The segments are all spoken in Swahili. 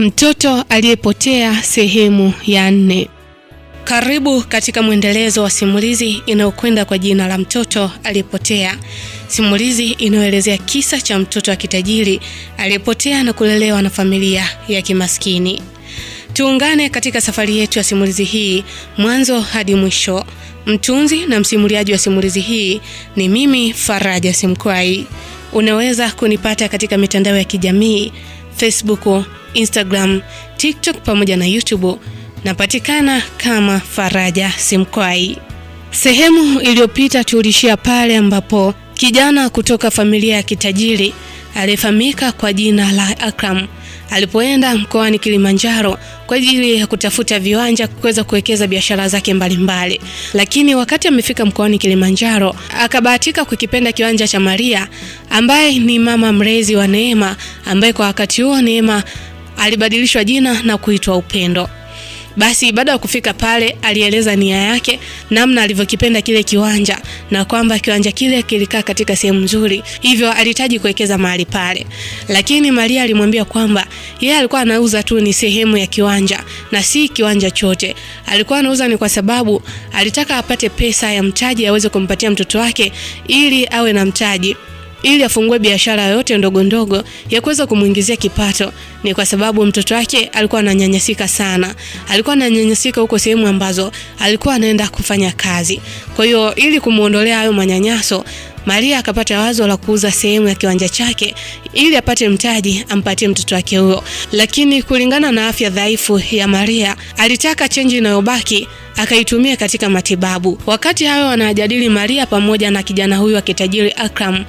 Mtoto aliyepotea sehemu ya nne. Karibu katika mwendelezo wa simulizi inayokwenda kwa jina la mtoto aliyepotea, simulizi inayoelezea kisa cha mtoto wa kitajiri aliyepotea na kulelewa na familia ya kimaskini. Tuungane katika safari yetu ya simulizi hii mwanzo hadi mwisho. Mtunzi na msimuliaji wa simulizi hii ni mimi Faraja Simkwai. Unaweza kunipata katika mitandao ya kijamii Facebook, Instagram, TikTok pamoja na YouTube. Napatikana kama Faraja Simkwai. Sehemu iliyopita tulishia pale ambapo kijana kutoka familia ya kitajiri aliyefahamika kwa jina la Akram alipoenda mkoani Kilimanjaro kwa ajili ya kutafuta viwanja kuweza kuwekeza biashara zake mbalimbali mbali. Lakini wakati amefika mkoani Kilimanjaro akabahatika kukipenda kiwanja cha Maria ambaye ni mama mlezi wa Neema ambaye kwa wakati huo Neema alibadilishwa jina na kuitwa Upendo. Basi baada ya kufika pale, alieleza nia yake, namna alivyokipenda kile kiwanja na kwamba kiwanja kile kilikaa katika sehemu nzuri, hivyo alihitaji kuwekeza mahali pale. Lakini Maria alimwambia kwamba yeye alikuwa anauza tu ni sehemu ya kiwanja na si kiwanja chote. Alikuwa anauza ni kwa sababu alitaka apate pesa ya mtaji aweze kumpatia mtoto wake ili awe na mtaji ili afungue biashara yoyote ndogo ndogo ya kuweza kumuingizia kipato. Ni kwa sababu mtoto wake alikuwa ananyanyasika sana, alikuwa ananyanyasika huko sehemu ambazo alikuwa anaenda kufanya kazi. Kwa hiyo ili kumuondolea hayo manyanyaso Maria akapata wazo la kuuza sehemu ya kiwanja chake ili apate mtaji ampatie mtoto wake huyo, lakini kulingana na afya dhaifu ya Maria, alitaka chenji inayobaki akaitumia katika matibabu. Wakati hayo wanajadili Maria pamoja na kijana huyu wa kitajiri Akram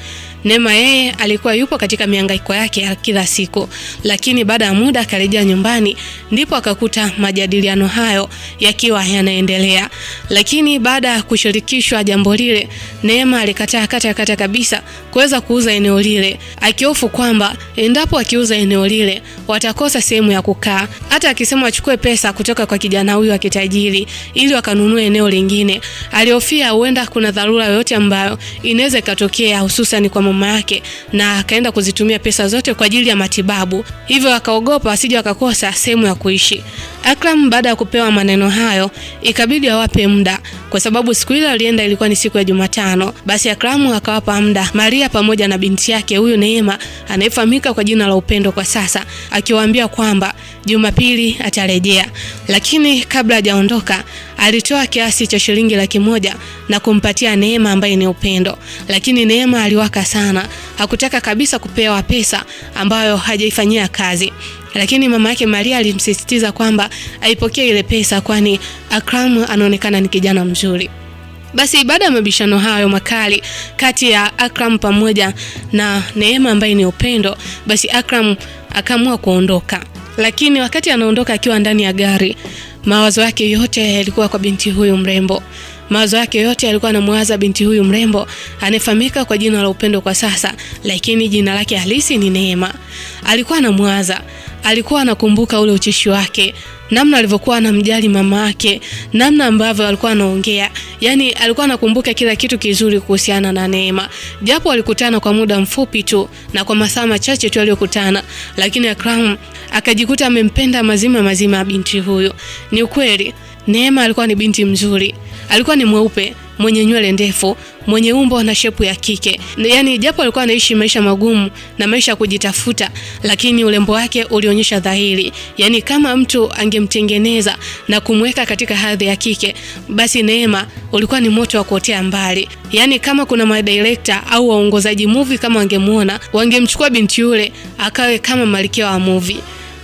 Neema yeye alikuwa yupo katika mihangaiko yake ya kila siku, lakini baada ya muda akarejea nyumbani, ndipo akakuta majadiliano hayo yakiwa yanaendelea. Lakini baada ya kushirikishwa jambo lile, Neema alikataa kata kata kabisa kuweza kuuza eneo lile, akihofu kwamba endapo akiuza eneo lile watakosa sehemu ya kukaa. Hata akisema achukue pesa kutoka kwa kijana huyu akitajiri ili wakanunue eneo lingine, alihofia huenda kuna dharura yoyote ambayo inaweza ikatokea, hususan kwa mama yake na akaenda kuzitumia pesa zote kwa ajili ya matibabu, hivyo akaogopa asije akakosa sehemu ya kuishi. Akram baada ya kupewa maneno hayo ikabidi awape muda, kwa sababu siku ile alienda ilikuwa ni siku ya Jumatano. Basi Akram akawapa muda Maria pamoja na binti yake huyu Neema anayefahamika kwa jina la Upendo kwa sasa, akiwaambia kwamba Jumapili atarejea, lakini kabla hajaondoka alitoa kiasi cha shilingi laki moja na kumpatia Neema ambaye ni Upendo, lakini Neema aliwaka sana, hakutaka kabisa kupewa pesa ambayo hajaifanyia kazi lakini mama yake Maria alimsisitiza kwamba aipokee ile pesa, kwani Akram anaonekana ni kijana mzuri. Basi baada ya mabishano hayo makali kati ya Akram pamoja na Neema ambaye ni Upendo, basi Akram akaamua kuondoka, lakini wakati anaondoka akiwa ndani ya gari, mawazo yake yote yalikuwa kwa binti huyu mrembo. Mawazo yake yote yalikuwa anamwaza binti huyu mrembo anayefahamika kwa jina la Upendo kwa sasa, lakini jina lake halisi ni Neema. Alikuwa anamwaza alikuwa anakumbuka ule ucheshi wake, namna alivyokuwa anamjali mama yake, namna ambavyo alikuwa anaongea. Yani alikuwa anakumbuka kila kitu kizuri kuhusiana na Neema, japo walikutana kwa muda mfupi tu na kwa masaa machache tu aliyokutana, lakini Akram akajikuta amempenda mazima mazima binti huyo. Ni ukweli Neema alikuwa ni binti mzuri, alikuwa ni mweupe mwenye nywele ndefu, mwenye umbo na shepu ya kike. Yaani japo alikuwa anaishi maisha magumu na maisha ya kujitafuta, lakini urembo wake ulionyesha dhahiri. Yaani kama mtu angemtengeneza na kumweka katika hadhi ya kike, basi Neema ulikuwa ni moto wa kuotea mbali. Yaani kama kuna madirekta au waongozaji movie kama wangemuona, wangemchukua binti yule akawe kama malkia wa movie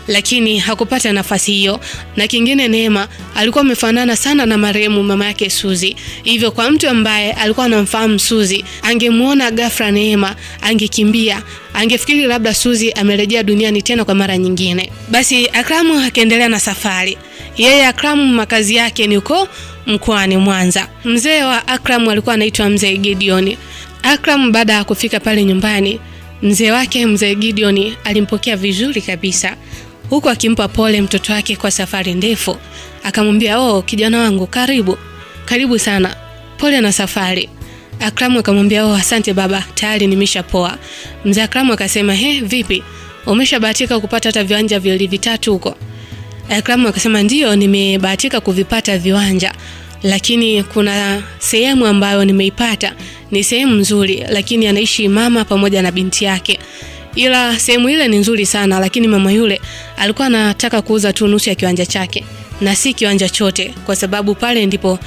lakini hakupata nafasi hiyo. Na kingine, Neema alikuwa amefanana sana na marehemu mama yake Suzi, hivyo kwa mtu ambaye alikuwa anamfahamu Suzi, angemwona ghafla Neema angekimbia, angefikiri labda Suzi amerejea duniani tena kwa mara nyingine. Basi Akramu akaendelea na safari yeye. Akramu makazi yake ni huko mkoani Mwanza. Mzee wa Akramu alikuwa anaitwa Mzee Gideon. Akramu baada ya kufika pale nyumbani, mzee wake Mzee Gideon alimpokea vizuri kabisa huku akimpa pole mtoto wake kwa safari ndefu. Akamwambia, oh kijana wangu, karibu karibu sana, pole na safari. Akramu akamwambia, oh asante baba, tayari nimeshapoa. Mzee Akramu akasema, he, vipi umeshabahatika kupata hata viwanja viwili vitatu huko? Akramu akasema, ndio, nimebahatika kuvipata viwanja lakini kuna sehemu ambayo nimeipata, ni sehemu nzuri, lakini anaishi mama pamoja na binti yake ila sehemu ile ni nzuri sana, lakini mama yule alikuwa anataka kuuza tu nusu ya kiwanja chake na si kiwanja chote, kwa sababu pale ndipo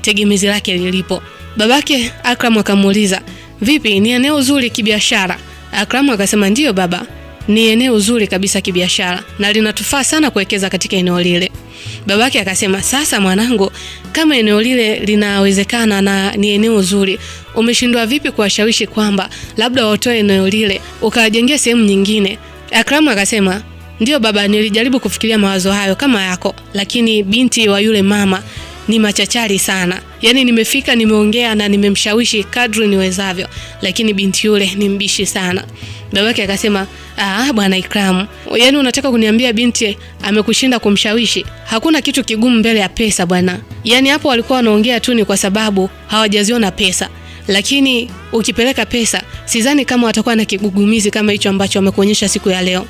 tegemezi lake lilipo. Babake Akram akamuuliza, vipi, ni eneo zuri kibiashara? Akram akasema ndiyo baba, ni eneo zuri kabisa kibiashara na linatufaa sana kuwekeza katika eneo lile. Babake akasema, sasa mwanangu, kama eneo lile linawezekana na ni eneo zuri, umeshindwa vipi kuwashawishi kwamba labda watoe eneo lile ukawajengea sehemu nyingine? Akram akasema, ndiyo baba, nilijaribu kufikiria mawazo hayo kama yako, lakini binti wa yule mama ni machachari sana. Yaani nimefika, nimeongea na nimemshawishi kadri niwezavyo, lakini binti yule ni mbishi sana babake akasema, ah, bwana Ikram, yaani unataka kuniambia binti amekushinda kumshawishi? Hakuna kitu kigumu mbele ya pesa bwana. Yaani hapo walikuwa wanaongea tu ni kwa sababu hawajaziona pesa, lakini ukipeleka pesa sidhani kama watakuwa na kigugumizi kama hicho ambacho wamekuonyesha siku ya leo.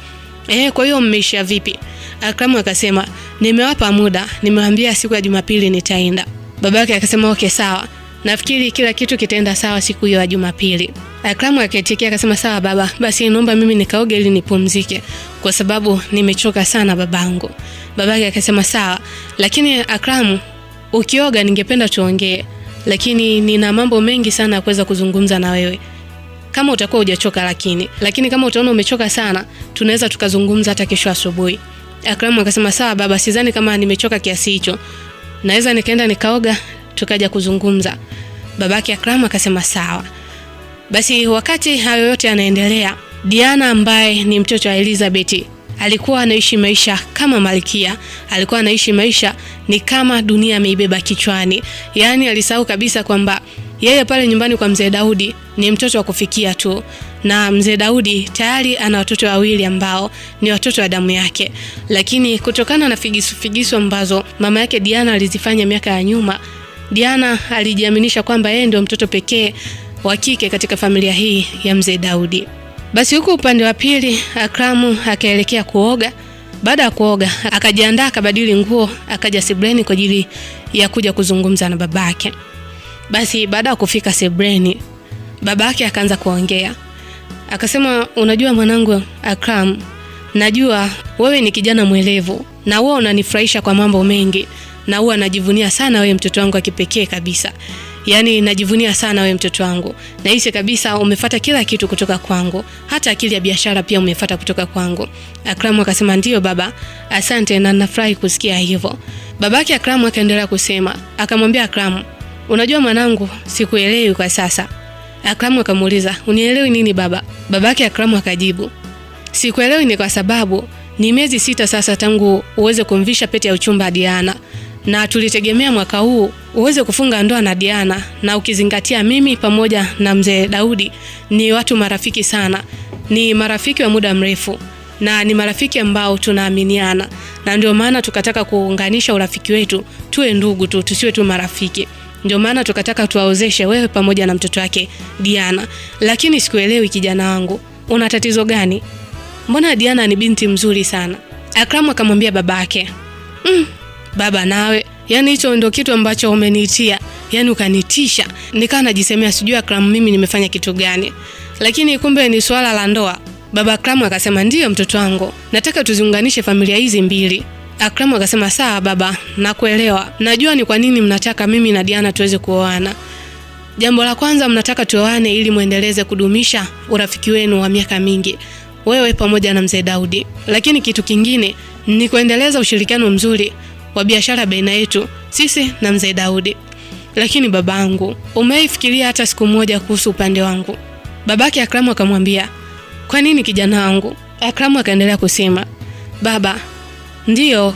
Eh, kwa hiyo mmeisha vipi? Akram akasema nimewapa muda, nimewaambia siku ya Jumapili nitaenda. Babake akasema okay, sawa Nafikiri kila kitu kitaenda sawa siku hiyo ya Jumapili. Akramu akaitikia akasema, sawa baba, basi naomba mimi nikaoge ili nipumzike kwa sababu nimechoka sana babangu. Babake akasema sawa, lakini Akramu, ukioga ningependa tuongee, lakini nina mambo mengi sana ya kuweza kuzungumza na wewe kama utakuwa hujachoka, lakini lakini kama utaona umechoka sana, tunaweza tukazungumza hata kesho asubuhi. Akramu akasema sawa baba, sidhani kama nimechoka kiasi hicho, naweza nikaenda nikaoga tukaja kuzungumza. Babake Akram akasema sawa. Basi wakati hayo yote yanaendelea, Diana ambaye ni mtoto wa Elizabeth alikuwa anaishi maisha kama malkia, alikuwa anaishi maisha ni kama dunia ameibeba kichwani. Yaani alisahau kabisa kwamba yeye pale nyumbani kwa mzee Daudi ni mtoto wa kufikia tu, na mzee Daudi tayari ana watoto wawili ambao ni watoto wa damu yake. Lakini kutokana na figisu ambazo mama yake Diana alizifanya miaka ya nyuma, Diana alijiaminisha kwamba yeye ndio mtoto pekee wa kike katika familia hii ya mzee Daudi. Basi huko upande wa pili, Akramu akaelekea kuoga. Baada ya kuoga, akajiandaa akabadili nguo, akaja sebreni kwa ajili ya kuja kuzungumza na babake. Basi baada ya kufika sebreni, babake akaanza kuongea, akasema, unajua mwanangu Akram, najua wewe ni kijana mwelevu na wewe unanifurahisha kwa mambo mengi, na huwa najivunia sana wewe mtoto wangu wa kipekee kabisa. Yaani najivunia sana wewe mtoto wangu. Nahisi kabisa umefata kila kitu kutoka kwangu. Hata akili ya biashara pia umefata kutoka kwangu. Akramu akasema ndiyo baba, asante na nafurahi kusikia hivyo. Babake Akramu akaendelea kusema, akamwambia Akramu, unajua mwanangu, sikuelewi kwa sasa. Akramu akamuuliza, unielewi nini baba? Babake Akramu akajibu, sikuelewi ni kwa sababu ni miezi sita sasa tangu uweze kumvisha pete ya uchumba Diana na tulitegemea mwaka huu uweze kufunga ndoa na Diana, na ukizingatia mimi pamoja na mzee Daudi ni watu marafiki sana, ni marafiki wa muda mrefu na ni marafiki ambao tunaaminiana, na ndio maana tukataka kuunganisha urafiki wetu, tuwe ndugu tu, tusiwe tu marafiki. Ndio maana tukataka tuwaozeshe wewe pamoja na mtoto wake Diana. Lakini sikuelewi kijana wangu, una tatizo gani? Mbona Diana ni binti mzuri sana? Akram akamwambia babake mm, baba nawe. Yaani hicho ndio kitu ambacho umeniitia, yaani ukanitisha. Nikawa najisemea sijui Akram mimi nimefanya kitu gani. Lakini kumbe ni swala la ndoa. Baba Akram akasema ndiyo, mtoto wangu, nataka tuziunganishe familia hizi mbili. Akram akasema sawa baba, nakuelewa. Najua ni kwa nini mnataka mimi na Diana tuweze kuoana. Jambo la kwanza mnataka tuoane ili muendeleze kudumisha urafiki wenu wa miaka mingi, wewe pamoja na mzee Daudi. Lakini kitu kingine ni kuendeleza ushirikiano mzuri wa biashara baina yetu sisi na mzee Daudi. Lakini babangu, umeifikiria hata siku moja kuhusu upande wangu? Babake Akramu akamwambia, kwa nini kijana wangu? Akramu akaendelea kusema, baba, ndiyo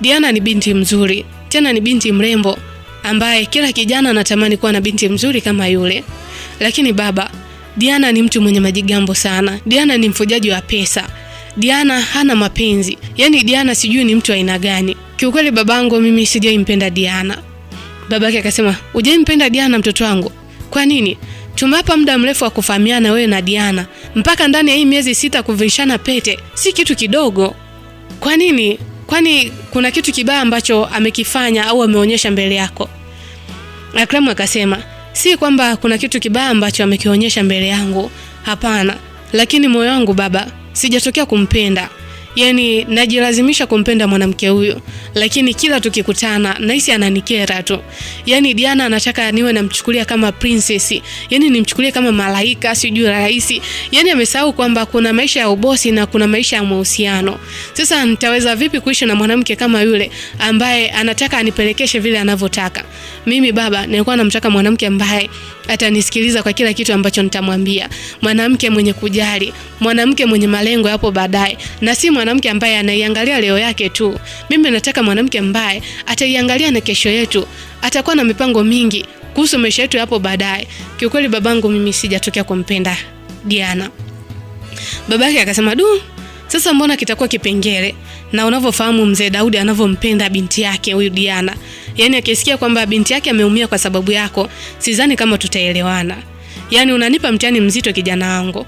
Diana ni binti mzuri, tena ni binti mrembo ambaye kila kijana anatamani kuwa na binti mzuri kama yule. Lakini baba, Diana ni mtu mwenye majigambo sana. Diana ni mfujaji wa pesa. Diana hana mapenzi. Yaani Diana sijui ni mtu aina gani. Kiukweli babangu mimi sijaimpenda Diana. Babake akasema, ujaimpenda Diana mtoto wangu? Kwa nini? Tumapa muda mrefu wa kufahamiana wewe na Diana, mpaka ndani ya hii miezi sita kuvishana pete, si kitu kidogo. Kwa nini? Kwani kuna kitu kibaya ambacho amekifanya au ameonyesha mbele yako?" Akram akasema, "Si kwamba kuna kitu kibaya ambacho amekionyesha mbele yangu, hapana, lakini moyo wangu baba, sijatokea kumpenda." yani najilazimisha kumpenda mwanamke huyo, lakini kila tukikutana nahisi ananikera tu. Yani Diana anataka niwe namchukulia kama princess, yani nimchukulie kama malaika, sijui rais. Yani amesahau kwamba kuna maisha ya ubosi na kuna maisha ya mahusiano. Sasa nitaweza vipi kuishi na mwanamke kama yule ambaye anataka anipelekeshe vile anavyotaka? Mimi baba, nilikuwa namtaka mwanamke ambaye atanisikiliza kwa kila kitu ambacho nitamwambia, mwanamke mwenye kujali, mwanamke mwenye malengo hapo baadaye na si mwanamke ambaye anaiangalia leo yake tu. Mimi nataka mwanamke ambaye ataiangalia na kesho yetu, atakuwa na mipango mingi kuhusu maisha yetu hapo baadaye. Kiukweli babangu mimi sijatokea kumpenda Diana. Babake akasema du, sasa mbona kitakuwa kipengele? Na unavyofahamu mzee Daudi anavyompenda binti yake huyu Diana, yaani akisikia kwamba binti yake ameumia kwa sababu yako, sidhani kama tutaelewana. Yaani unanipa mtihani mzito, kijana wangu.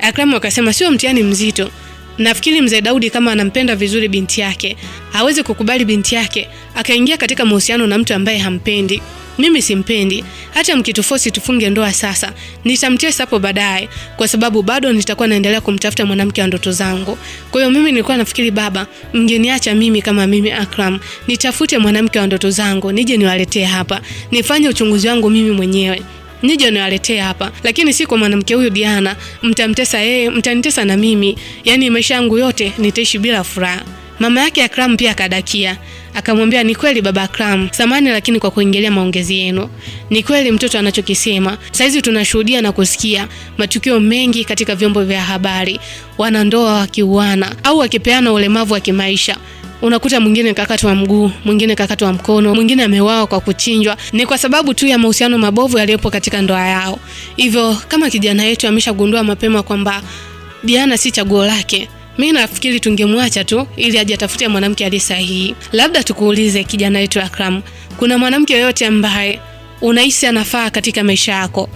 Akram akasema sio mtihani mzito, Nafikiri mzee Daudi kama anampenda vizuri binti yake, hawezi kukubali binti yake akaingia katika mahusiano na mtu ambaye hampendi. Mimi simpendi, hata mkitufosi tufunge ndoa sasa, nitamtia sapo baadaye, kwa sababu bado nitakuwa naendelea kumtafuta mwanamke wa ndoto zangu. Kwa hiyo mimi nilikuwa nafikiri baba, mngeniacha mimi kama mimi Akram, nitafute mwanamke wa ndoto zangu, nije niwaletee hapa, nifanye uchunguzi wangu mimi mwenyewe nije niwaletee hapa, lakini si kwa mwanamke huyu Diana. Mtamtesa yeye, mtanitesa na mimi, yaani maisha yangu yote nitaishi bila furaha. Mama yake Akram pia akadakia, akamwambia ni kweli baba Akram, samani lakini kwa kuingilia maongezi yenu, ni kweli mtoto anachokisema. Saizi tunashuhudia na kusikia matukio mengi katika vyombo vya habari, wanandoa wakiuana au wakipeana ulemavu wa kimaisha Unakuta mwingine kakatwa mguu, mwingine kakatwa mkono, mwingine ameuawa kwa kuchinjwa, ni kwa sababu tu ya mahusiano mabovu yaliyopo katika ndoa yao. Hivyo kama kijana yetu ameshagundua mapema kwamba Diana si chaguo lake, mi nafikiri tungemwacha tu ili aje atafutie mwanamke aliye sahihi. Labda tukuulize kijana wetu Akram, kuna mwanamke yoyote ambaye unahisi anafaa katika maisha yako?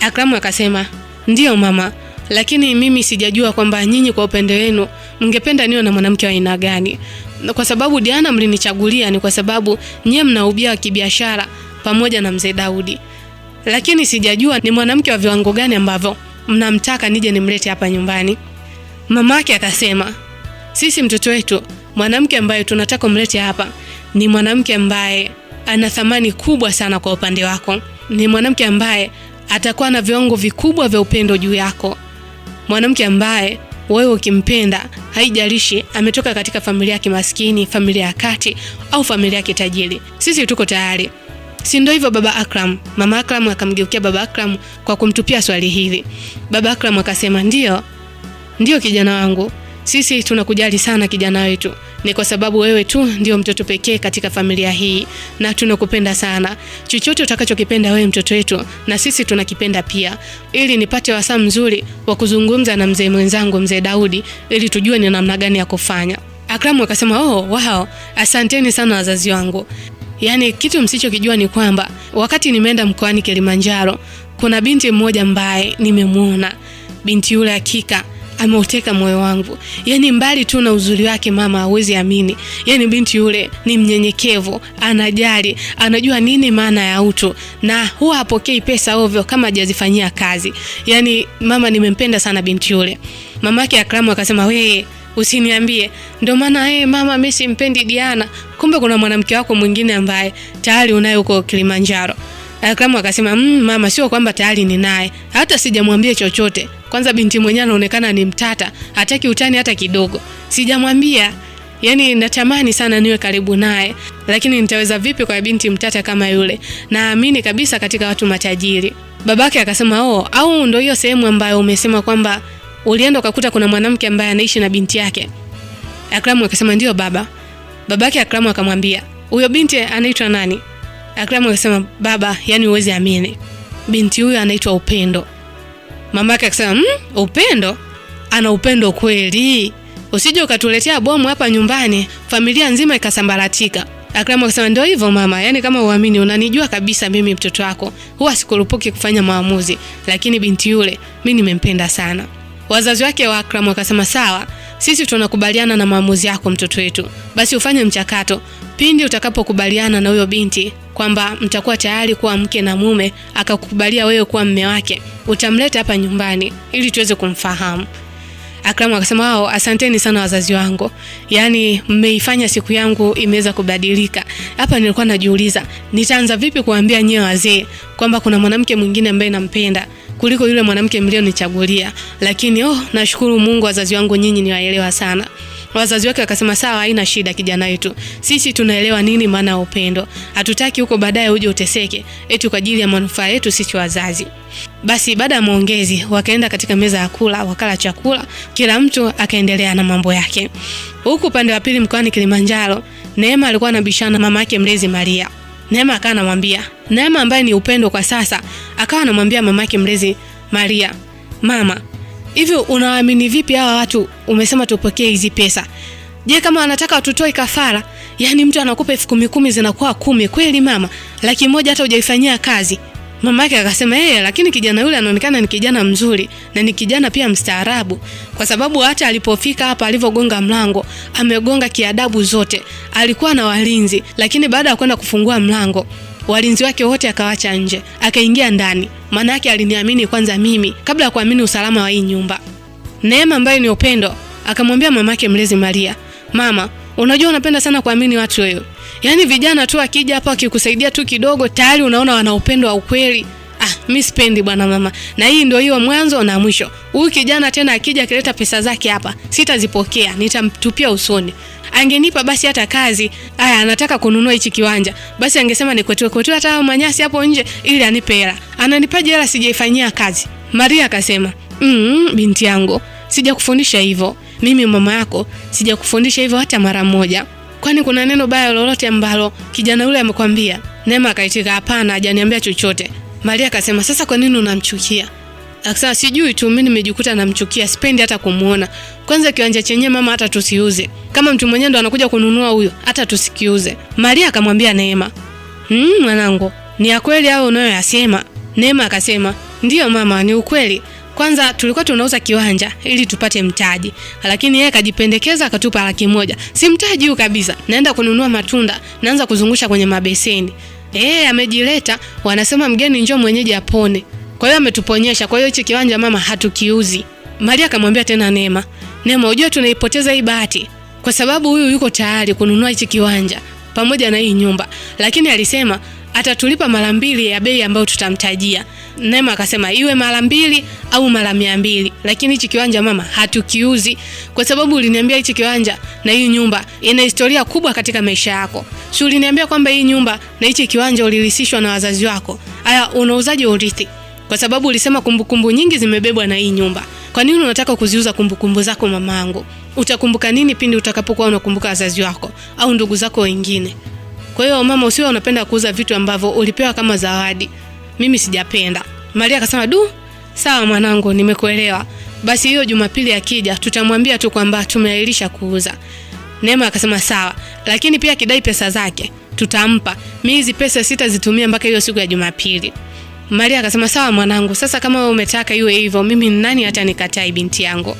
Akram akasema ndiyo mama, lakini mimi sijajua kwamba nyinyi kwa upendo wenu mngependa niwe na mwanamke wa aina gani kwa sababu Diana mlinichagulia ni kwa sababu nyie mna ubia wa kibiashara pamoja na mzee Daudi, lakini sijajua ni mwanamke wa viwango gani ambavyo mnamtaka nije nimlete hapa nyumbani. Mamake akasema sisi, mtoto wetu mwanamke ambaye tunataka umlete hapa ni mwanamke ambaye ana thamani kubwa sana kwa upande wako, ni mwanamke ambaye atakuwa na viwango vikubwa vya upendo juu yako, mwanamke ambaye wewe ukimpenda, haijalishi ametoka katika familia ya kimaskini, familia ya kati au familia ya kitajiri, sisi tuko tayari. Si ndio hivyo baba Akram? Mama Akram akamgeukia baba Akram kwa kumtupia swali hili. Baba Akram akasema, ndio ndiyo kijana wangu, sisi tunakujali sana kijana wetu, ni kwa sababu wewe tu ndio mtoto pekee katika familia hii na tunakupenda sana. Chochote utakachokipenda wewe mtoto wetu, na sisi tunakipenda pia. Ili nipate wasaa mzuri wa kuzungumza na mzee mwenzangu mzee Daudi, ili tujue ni namna gani ya kufanya. Akramu akasema oh, wow, asanteni sana wazazi wangu. Yaani kitu msichokijua ni kwamba wakati nimeenda mkoani Kilimanjaro, kuna binti mmoja ambaye nimemwona, binti yule hakika ameuteka moyo wangu. Yaani mbali tu na uzuri wake mama hawezi amini. Yaani binti yule ni mnyenyekevu, anajali, anajua nini maana ya utu na huwa hapokei pesa ovyo kama hajazifanyia kazi. Yaani mama nimempenda sana binti yule. Mamake Akramu akasema wewe usiniambie ndio maana eh, mama mimi simpendi Diana, kumbe kuna mwanamke wako mwingine ambaye tayari unaye huko Kilimanjaro. Akramu akasema mmm, mama, sio kwamba tayari ninaye, hata sijamwambia chochote. Kwanza binti mwenyewe anaonekana ni mtata, hataki utani hata kidogo. Sijamwambia. Yaani natamani sana niwe karibu naye, lakini nitaweza vipi kwa binti mtata kama yule? Naamini kabisa katika watu matajiri. Babake akasema oh, au ndio hiyo sehemu ambayo umesema kwamba ulienda ukakuta kuna mwanamke ambaye anaishi na binti yake? Akramu akasema ndio baba. Babake Akramu akamwambia, huyo binti anaitwa nani? Akram akasema baba, yani uwezi amini, binti huyu anaitwa Upendo. yake akasema mmm, Upendo ana upendo kweli? Usije ukatuletea bomu hapa nyumbani, familia nzima ikasambaratika. Akramu akasema ndio hivyo mama, yani kama uamini, unanijua kabisa mimi mtoto wako, huwa sikurupuki kufanya maamuzi, lakini binti yule mimi nimempenda sana. Wazazi wake wa Akramu wakasema sawa, sisi tunakubaliana na maamuzi yako mtoto wetu, basi ufanye mchakato pindi utakapokubaliana na huyo binti kwamba mtakuwa tayari kuwa mke na mume, akakubalia wewe kuwa mme wake, utamleta hapa nyumbani ili tuweze kumfahamu. Akramu akasema wao, asanteni sana wazazi wangu, yaani mmeifanya siku yangu imeweza kubadilika. Hapa nilikuwa najiuliza nitaanza vipi kuambia nyewe wazee kwamba kuna mwanamke mwingine ambaye nampenda, kuliko yule mwanamke mlionichagulia, lakini oh, nashukuru Mungu, wazazi wangu nyinyi ni waelewa sana. Wazazi wake wakasema sawa, haina shida, kijana wetu, sisi tunaelewa nini maana ya upendo, hatutaki huko baadaye uje uteseke eti kwa ajili ya manufaa yetu sisi wazazi. Basi baada ya maongezi, wakaenda katika meza ya kula, wakala chakula, kila mtu akaendelea na mambo yake. Huku upande wa pili mkoani Kilimanjaro, Neema alikuwa anabishana mama yake mlezi Maria Neema akawa anamwambia Neema ambaye ni upendo kwa sasa, akawa anamwambia mamake mlezi Maria, mama, hivyo unawaamini vipi hawa watu? Umesema tupokee hizi pesa, je, kama anataka watutoe kafara? Yaani mtu anakupa elfu kumi kumi zinakuwa kumi kweli mama? Laki moja hata hujaifanyia kazi. Mama yake akasema yeye, lakini kijana yule anaonekana ni kijana mzuri na ni kijana pia mstaarabu, kwa sababu hata alipofika hapa, alivyogonga mlango, amegonga kiadabu zote. Alikuwa na walinzi, lakini baada ya kwenda kufungua mlango walinzi wake wote akawacha nje, akaingia ndani. Maana yake aliniamini kwanza mimi kabla ya kuamini usalama wa hii nyumba. Neema ambaye ni upendo akamwambia mamake mlezi Maria, mama Unajua unapenda sana kuamini watu wewe. Yaani vijana tu akija hapa akikusaidia tu kidogo tayari unaona wana upendo wa ukweli. Ah, mimi sipendi bwana mama. Na hii ndio hiyo mwanzo na mwisho. Huyu kijana tena akija akileta pesa zake hapa, sitazipokea, nitamtupia usoni. Angenipa basi hata kazi, aya anataka kununua hichi kiwanja. Basi angesema ni kwetu kwetu hata manyasi hapo nje ili anipe hela. Ananipaje hela sijaifanyia kazi? Maria akasema, "Mm, binti yangu, sijakufundisha hivyo." mimi mama yako sijakufundisha hivyo hata mara moja. Kwani kuna neno baya lolote ambalo kijana yule amekwambia? Neema akaitika hapana, hajaniambia chochote. Maria akasema sasa, kwa nini unamchukia? Akasema sijui tu, mimi nimejikuta namchukia, sipendi hata kumuona. Kwanza kiwanja chenye mama hata tusiuze, kama mtu mwenyewe ndo anakuja kununua huyo, hata tusikiuze. Maria akamwambia Neema, mmm, mwanangu, ni ya kweli au unayoyasema? Neema akasema ndiyo mama, ni ukweli, kwanza tulikuwa tunauza kiwanja ili tupate mtaji, lakini yeye akajipendekeza akatupa laki moja. Si mtaji huu kabisa, naenda kununua matunda, naanza kuzungusha kwenye mabeseni. Eh, amejileta, wanasema mgeni njoo mwenyeji apone. Kwa hiyo ametuponyesha. Kwa hiyo hichi kiwanja mama, hatukiuzi. Maria akamwambia tena Neema, Neema, unajua tunaipoteza hii bahati kwa sababu huyu yuko tayari kununua hichi kiwanja pamoja na hii nyumba, lakini alisema atatulipa mara mbili ya bei ambayo tutamtajia. Nema akasema iwe mara mbili au mara mia mbili, lakini hichi kiwanja mama hatukiuzi, kwa sababu uliniambia hichi kiwanja na hii nyumba ina historia kubwa katika maisha yako. Si uliniambia kwamba hii nyumba na hichi kiwanja ulilisishwa na wazazi wako? Aya, unauzaje urithi? Kwa sababu ulisema kumbukumbu kumbu nyingi zimebebwa na hii nyumba. Kwa nini unataka kuziuza kumbukumbu zako mamangu? Utakumbuka nini pindi utakapokuwa unakumbuka wazazi wako au ndugu zako wengine? Kwa hiyo mama, usiwe unapenda kuuza vitu ambavyo ulipewa kama zawadi. Mimi sijapenda. Maria akasema, du, sawa mwanangu, nimekuelewa. Basi hiyo Jumapili akija, tutamwambia tu kwamba tumeahirisha kuuza. Neema akasema sawa, lakini pia kidai pesa zake tutampa. Mimi hizi pesa sitazitumia mpaka hiyo siku ya Jumapili. Maria akasema sawa mwanangu, sasa kama wewe umetaka iwe hivyo, mimi nani hata nikatai binti yangu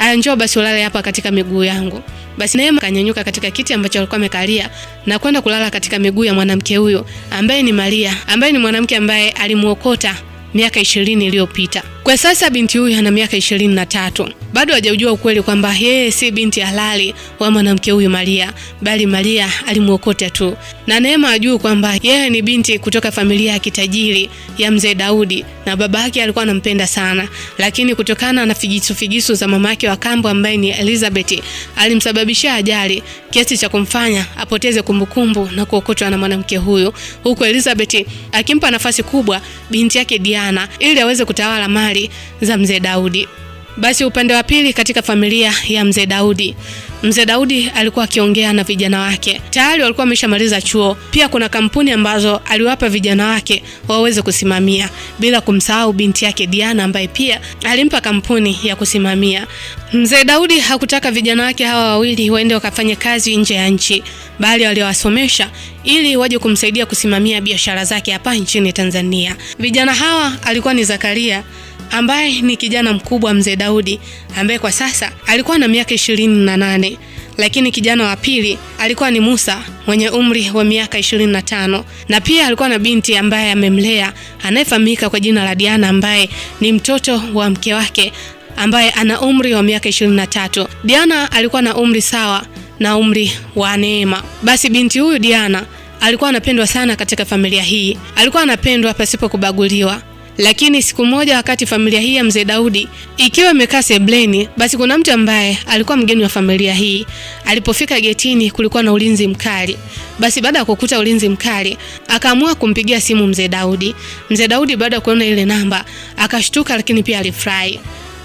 aya, njoo basi ulale hapa katika miguu yangu. Basi naye akanyanyuka katika kiti ambacho alikuwa amekalia na kwenda kulala katika miguu ya mwanamke huyo ambaye ni Maria, ambaye ni mwanamke ambaye alimuokota miaka ishirini iliyopita. Kwa sasa binti huyu ana miaka ishirini na tatu. Bado hajaujua ukweli kwamba yeye si binti halali wa mwanamke huyu Maria, bali Maria alimwokota tu, na Neema hajui kwamba yeye ni binti kutoka familia ya kitajiri ya mzee Daudi, na baba yake alikuwa anampenda sana, lakini kutokana na figisu figisu za mamake wa kambo ambaye ni Elizabeth, alimsababishia ajali kiasi cha kumfanya apoteze kumbukumbu na kuokotwa na mwanamke huyu, huku Elizabeth akimpa nafasi kubwa binti yake Diana ili aweze kutawala mali mali za mzee Daudi. Basi upande wa pili katika familia ya mzee Daudi, mzee Daudi alikuwa akiongea na vijana wake, tayari walikuwa wameshamaliza chuo. Pia kuna kampuni ambazo aliwapa vijana wake waweze kusimamia, bila kumsahau binti yake Diana ambaye pia alimpa kampuni ya kusimamia. Mzee Daudi hakutaka vijana wake hawa wawili waende wakafanye kazi nje ya nchi, bali waliwasomesha ili waje kumsaidia kusimamia biashara zake hapa nchini Tanzania. Vijana hawa alikuwa ni Zakaria ambaye ni kijana mkubwa mzee Daudi ambaye kwa sasa alikuwa na miaka ishirini na nane lakini kijana wa pili alikuwa ni Musa mwenye umri wa miaka ishirini na tano na pia alikuwa na binti ambaye amemlea anayefahamika kwa jina la Diana ambaye ni mtoto wa mke wake ambaye ana umri wa miaka ishirini na tatu. Diana alikuwa na umri sawa na umri wa Neema. Basi binti huyu Diana alikuwa anapendwa sana katika familia hii, alikuwa anapendwa pasipo kubaguliwa lakini siku moja, wakati familia hii ya mzee Daudi ikiwa imekaa sebleni, basi kuna mtu ambaye alikuwa mgeni wa familia hii. Alipofika getini, kulikuwa na ulinzi mkali. Basi baada ya kukuta ulinzi mkali, akaamua kumpigia simu mzee Daudi. Mzee Daudi baada ya kuona ile namba akashtuka, lakini pia alifurahi.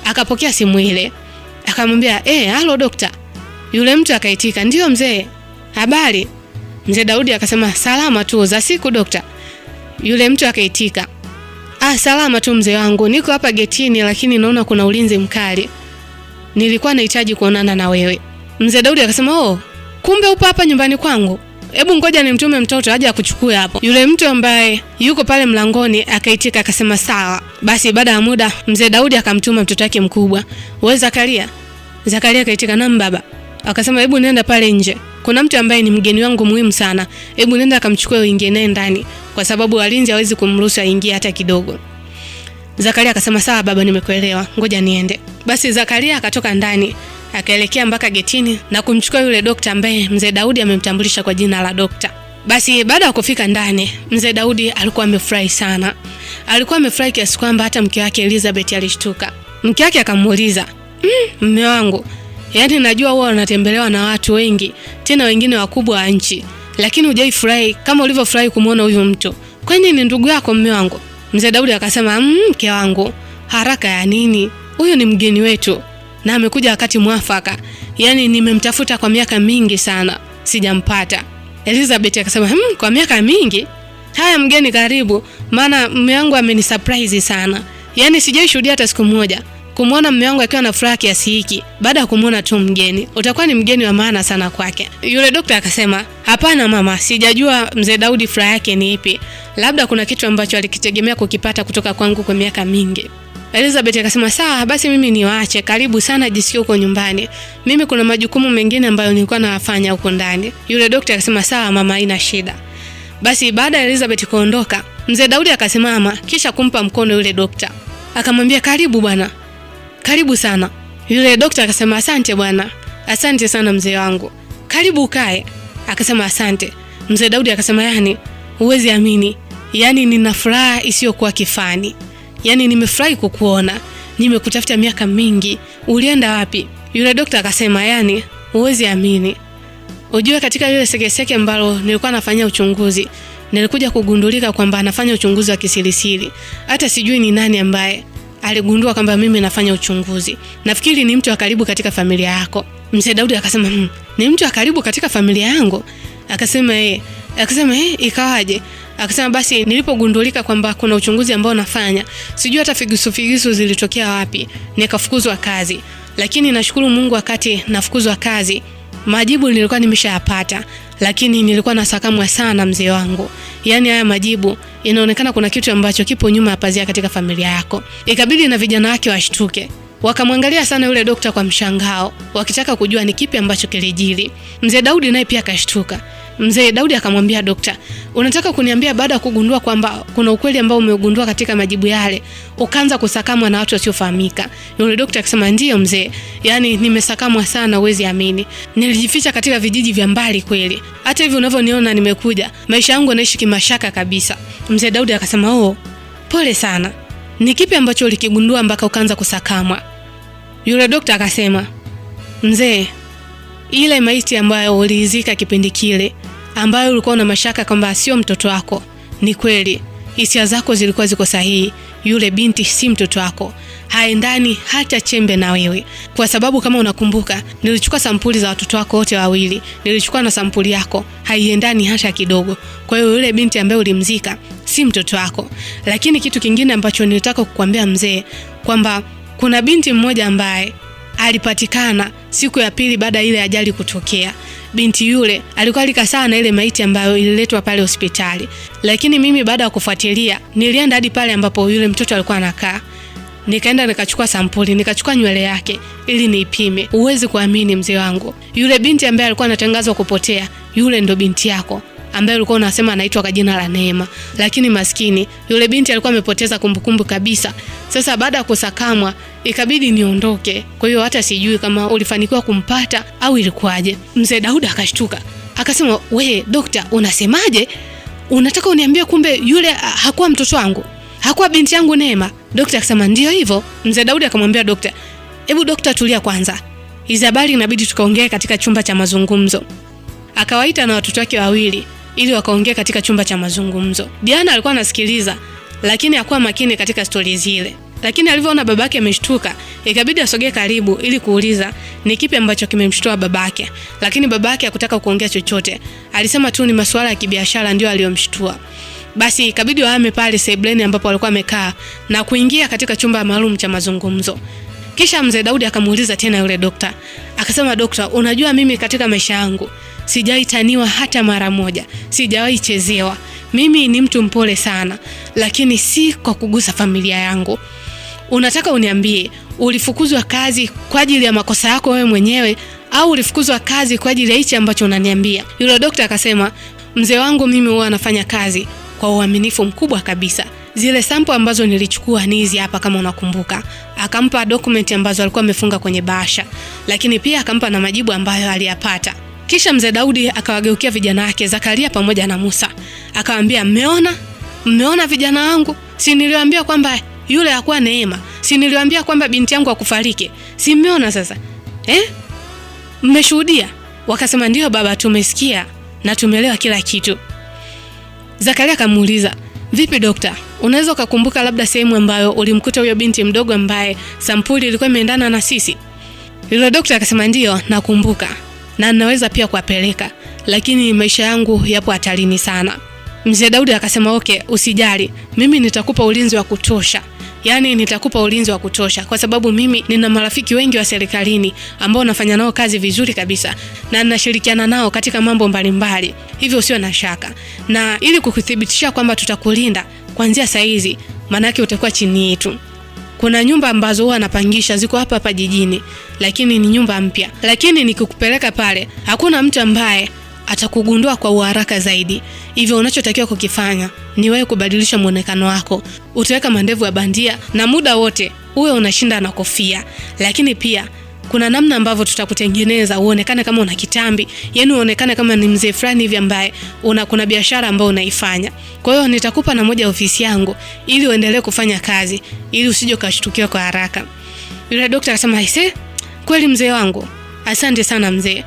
Akapokea simu ile, akamwambia eh, halo dokta. Yule mtu akaitika, ndiyo mzee, habari? Mzee Daudi akasema salama tu, za siku dokta. Yule mtu akaitika Ah, salama tu mzee wangu, niko hapa getini, lakini naona kuna ulinzi mkali, nilikuwa nahitaji kuonana na wewe. Mzee Daudi akasema oh, kumbe upo hapa nyumbani kwangu, hebu ngoja nimtume mtoto aje akuchukue hapo. Yule mtu ambaye yuko pale mlangoni akaitika akasema sawa. Basi baada ya muda mzee Daudi akamtuma mtoto wake mkubwa, wewe Zakaria. Zakaria akaitika naam baba, akasema hebu nenda pale nje kuna mtu ambaye ni mgeni wangu muhimu sana, hebu nenda akamchukue uingie naye ndani, kwa sababu walinzi hawezi kumruhusu aingie hata kidogo. Zakaria akasema sawa baba, nimekuelewa, ngoja niende. Basi Zakaria akatoka ndani akaelekea mpaka getini na kumchukua yule dokta ambaye mzee Daudi amemtambulisha kwa jina la dokta. Basi baada ya kufika ndani, mzee Daudi alikuwa amefurahi sana. Alikuwa amefurahi kiasi kwamba hata mke wake Elizabeth alishtuka. Mke wake akamuuliza, mm, mme wangu Yaani najua huwa wanatembelewa na watu wengi, tena wengine wakubwa wa nchi, lakini hujai furahi kama ulivyofurahi kumwona huyu mtu. Kwani ni ndugu yako mme wangu? Mzee Daudi akasema, mm, mke wangu, haraka ya nini? Huyu ni mgeni wetu na amekuja wakati mwafaka. Yaani nimemtafuta kwa miaka mingi sana sijampata. Elizabeth akasema, hmm, kwa miaka mingi? Haya mgeni, karibu, maana mme wangu amenisurprise sana, yaani sijaishuhudia hata siku moja kumwona mume wangu akiwa na furaha kiasi hiki baada ya kumwona tu mgeni, utakuwa ni mgeni wa maana sana kwake. Yule dokta akasema, hapana mama, sijajua mzee Daudi furaha yake ni ipi, labda kuna kitu ambacho alikitegemea kukipata kutoka kwangu kwa miaka mingi. Elizabeth akasema sawa basi, mimi niwaache, karibu sana, jisikie huko nyumbani, mimi kuna majukumu mengine ambayo nilikuwa nawafanya huko ndani. Yule dokta akasema sawa mama, haina shida. Basi baada ya Elizabeth kuondoka, mzee Daudi akasimama kisha kumpa mkono yule dokta, akamwambia karibu bwana karibu sana. Yule dokta akasema asante bwana, asante sana mzee wangu, karibu ukae. Akasema asante. Mzee Daudi akasema yani, huwezi amini, yani nina furaha isiyokuwa kifani, yani nimefurahi kukuona, nimekutafuta miaka mingi, ulienda wapi? Yule dokta akasema yani, huwezi amini, ujue katika lile sekeseke ambalo nilikuwa nafanyia uchunguzi nilikuja kugundulika kwamba anafanya uchunguzi wa kisirisiri, hata sijui ni nani ambaye aligundua kwamba mimi nafanya uchunguzi. Nafikiri ni mtu wa karibu katika familia yako. Mzee Daudi akasema mmm, ni mtu wa karibu katika familia yangu. Akasema yeye, eh, akasema eh, ikawaje? Akasema basi, nilipogundulika kwamba kuna uchunguzi ambao nafanya, sijui hata figisu figisu zilitokea wapi, nikafukuzwa kazi. Lakini nashukuru Mungu, wakati nafukuzwa kazi majibu nilikuwa nimeshayapata lakini nilikuwa na sakamwa sana mzee wangu. Yaani haya majibu, inaonekana kuna kitu ambacho kipo nyuma ya pazia katika familia yako. Ikabidi na vijana wake washtuke wakamwangalia sana yule dokta kwa mshangao, wakitaka kujua ni kipi ambacho kilijili. Mzee Daudi naye pia akashtuka, Mzee Daudi akamwambia dokta, unataka kuniambia baada ya kugundua kwamba kuna ukweli ambao umeugundua katika majibu yale, ukaanza kusakamwa na watu wasiofahamika? Yule dokta akasema, ndiyo mzee, yani nimesakamwa sana, uwezi amini. Nilijificha katika vijiji vya mbali kweli. Hata hivyo unavyoniona nimekuja, maisha yangu yanaishi kimashaka kabisa. Mzee Daudi akasema, oh, pole sana. Ni kipi ambacho ulikigundua mpaka ukaanza kusakamwa? Yule dokta akasema, mzee ile maiti ambayo uliizika kipindi kile, ambayo ulikuwa una mashaka kwamba sio mtoto wako, ni kweli hisia zako zilikuwa ziko sahihi. Yule binti si mtoto wako, haendani hata chembe na wewe, kwa sababu kama unakumbuka, nilichukua sampuli za watoto wako wote wawili, nilichukua na sampuli yako, haiendani hata kidogo. Kwa hiyo yule binti ambaye ulimzika si mtoto wako. Lakini kitu kingine ambacho nilitaka kukwambia mzee, kwamba kuna binti mmoja ambaye alipatikana siku ya pili baada ile ajali kutokea. Binti yule alikuwa lika sawa na ile maiti ambayo ililetwa pale hospitali, lakini mimi baada ya kufuatilia nilienda hadi pale ambapo yule mtoto alikuwa anakaa nikaenda nikachukua sampuli nikachukua nywele yake ili niipime. Huwezi kuamini mzee wangu, yule binti ambaye alikuwa anatangazwa kupotea, yule ndo binti yako ambaye ulikuwa unasema anaitwa kwa jina la Neema, lakini maskini yule binti alikuwa amepoteza kumbukumbu kabisa. Sasa baada ya kusakamwa ikabidi niondoke, kwa hiyo hata sijui kama ulifanikiwa kumpata au ilikuwaje. Mzee Dauda akashtuka akasema, we dokta, unasemaje? Unataka uniambie kumbe yule ah, hakuwa mtoto wangu, hakuwa binti yangu Neema? Dokta akasema ndio hivyo. Mzee Daudi akamwambia dokta, hebu dokta, tulia kwanza, hizi habari inabidi tukaongea katika chumba cha mazungumzo. Akawaita na watoto wake wawili ili wakaongea katika chumba cha mazungumzo. Diana alikuwa anasikiliza, lakini hakuwa makini katika stori zile, lakini alivyoona babake ameshtuka, ikabidi asogee karibu ili kuuliza ni kipi ambacho kimemshtua babake, lakini babake hakutaka kuongea chochote, alisema tu ni masuala ya kibiashara ndio aliyomshtua. Basi ikabidi waame pale sebleni ambapo walikuwa wamekaa na kuingia katika chumba maalum cha mazungumzo. Kisha mzee Daudi akamuuliza tena yule dokta, akasema, dokta, unajua mimi katika maisha yangu sijawahi taniwa hata mara moja, sijawahi chezewa. Mimi ni mtu mpole sana, lakini si kwa kugusa familia yangu. Unataka uniambie ulifukuzwa kazi kwa ajili ya makosa yako wewe mwenyewe au ulifukuzwa kazi kwa ajili ya hichi ambacho unaniambia? Yule dokta akasema, mzee wangu mimi huwa anafanya kazi kwa uaminifu mkubwa kabisa. Zile sampo ambazo nilichukua ni hizi hapa, kama unakumbuka. Akampa dokumenti ambazo alikuwa amefunga kwenye bahasha, lakini pia akampa na majibu ambayo aliyapata. Kisha mzee Daudi akawageukia vijana wake Zakaria pamoja na Musa akawaambia, mmeona mmeona vijana wangu, si niliwaambia kwamba yule hakuwa Neema? Si niliwaambia kwamba binti yangu akufariki? Si mmeona sasa eh? Mmeshuhudia? Wakasema ndiyo baba, tumesikia na tumeelewa kila kitu. Zakaria akamuuliza, vipi dokta, unaweza ukakumbuka labda sehemu ambayo ulimkuta huyo binti mdogo ambaye sampuli ilikuwa imeendana na sisi? Yule dokta akasema ndiyo, nakumbuka na naweza pia kuwapeleka, lakini maisha yangu yapo hatarini sana. Mzee Daudi akasema okay, usijali, mimi nitakupa ulinzi wa kutosha Yaani nitakupa ulinzi wa kutosha kwa sababu mimi nina marafiki wengi wa serikalini ambao nafanya nao kazi vizuri kabisa na ninashirikiana nao katika mambo mbalimbali, hivyo usio na shaka. Na ili kukuthibitishia kwamba tutakulinda kuanzia saa hizi, utakuwa chini yetu kuna nyumba ambazo huwa anapangisha ziko hapa hapa jijini, lakini ni nyumba mpya. Lakini nikikupeleka pale, hakuna mtu ambaye atakugundua kwa uharaka zaidi. Hivyo unachotakiwa kukifanya ni wewe kubadilisha mwonekano wako. Utaweka mandevu ya bandia na muda wote uwe unashinda na kofia, lakini pia kuna namna ambavyo tutakutengeneza uonekane kama una kitambi, yani uonekane kama ni mzee fulani hivi ambaye una kuna biashara ambayo unaifanya. Kwa hiyo nitakupa na moja ofisi yangu ili uendelee kufanya kazi ili usije kashtukiwa kwa haraka. Yule daktari akasema, "Aise, kweli mzee wangu. Asante sana mzee."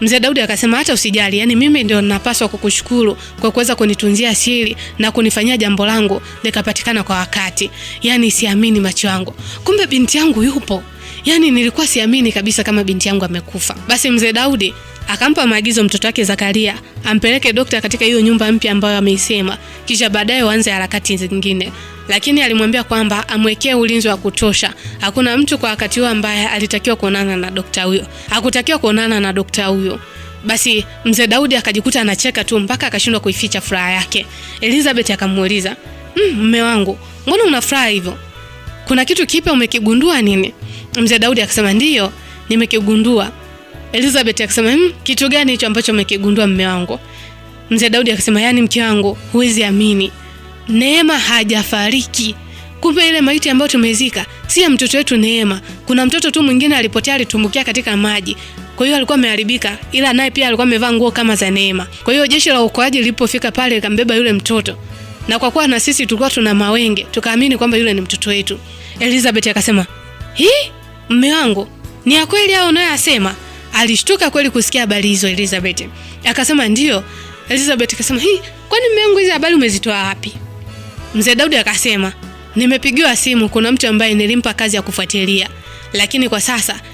Mzee Daudi akasema hata usijali, yani mimi ndio ninapaswa kukushukuru kwa kuweza kunitunzia siri na kunifanyia jambo langu likapatikana kwa wakati. Yani siamini macho yangu. Kumbe binti yangu yupo yani nilikuwa siamini kabisa kama binti yangu amekufa. Basi mzee Daudi akampa maagizo mtoto wake Zakaria ampeleke dokta katika hiyo nyumba mpya ambayo ameisema, kisha baadaye waanze harakati zingine, lakini alimwambia kwamba amwekee ulinzi wa kutosha. Hakuna mtu kwa wakati huo ambaye alitakiwa kuonana na dokta huyo, hakutakiwa kuonana na dokta huyo. Basi mzee Daudi akajikuta anacheka tu mpaka akashindwa kuificha furaha yake. Elizabeth akamuuliza, mm, mume mm, wangu, mbona unafuraha hivyo? Kuna kitu kipya umekigundua nini? Mzee Daudi akasema ndiyo, nimekigundua. Elizabeth akasema hmm, kitu gani hicho ambacho umekigundua mme wangu? Mzee Daudi akasema yaani, mke wangu, huwezi amini, Neema hajafariki. Kumbe ile maiti ambayo tumezika si ya mtoto wetu Neema. Kuna mtoto tu mwingine alipotea, alitumbukia katika maji, kwa hiyo alikuwa ameharibika, ila naye pia alikuwa amevaa nguo kama za Neema. Kwa hiyo jeshi la uokoaji lilipofika pale, likambeba yule mtoto, na kwa kuwa na sisi tulikuwa tuna mawenge, tukaamini kwamba yule ni mtoto wetu. Elizabeth akasema hii Mme wangu ni ya kweli au unayoyasema? Alishtuka kweli kusikia habari hizo Elizabeth. Akasema ndiyo. Elizabeth akasema hii, kwani mme wangu hizi habari umezitoa wapi? Mzee Daudi akasema nimepigiwa simu, kuna mtu ambaye nilimpa kazi ya kufuatilia, lakini kwa sasa